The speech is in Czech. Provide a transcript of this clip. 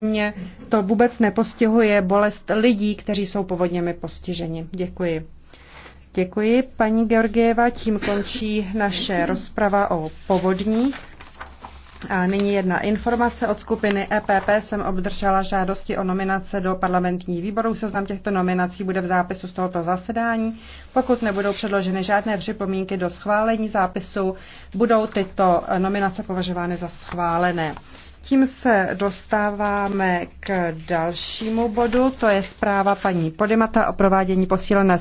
mě to vůbec nepostihuje bolest lidí, kteří jsou povodněmi postiženi. Děkuji. Děkuji, paní Georgieva. Tím končí naše rozprava o povodní. A nyní jedna informace od skupiny EPP. Jsem obdržela žádosti o nominace do parlamentní výboru. Seznam těchto nominací bude v zápisu z tohoto zasedání. Pokud nebudou předloženy žádné připomínky do schválení zápisu, budou tyto nominace považovány za schválené. Tím se dostáváme k dalšímu bodu, to je zpráva paní Podimata o provádění posílené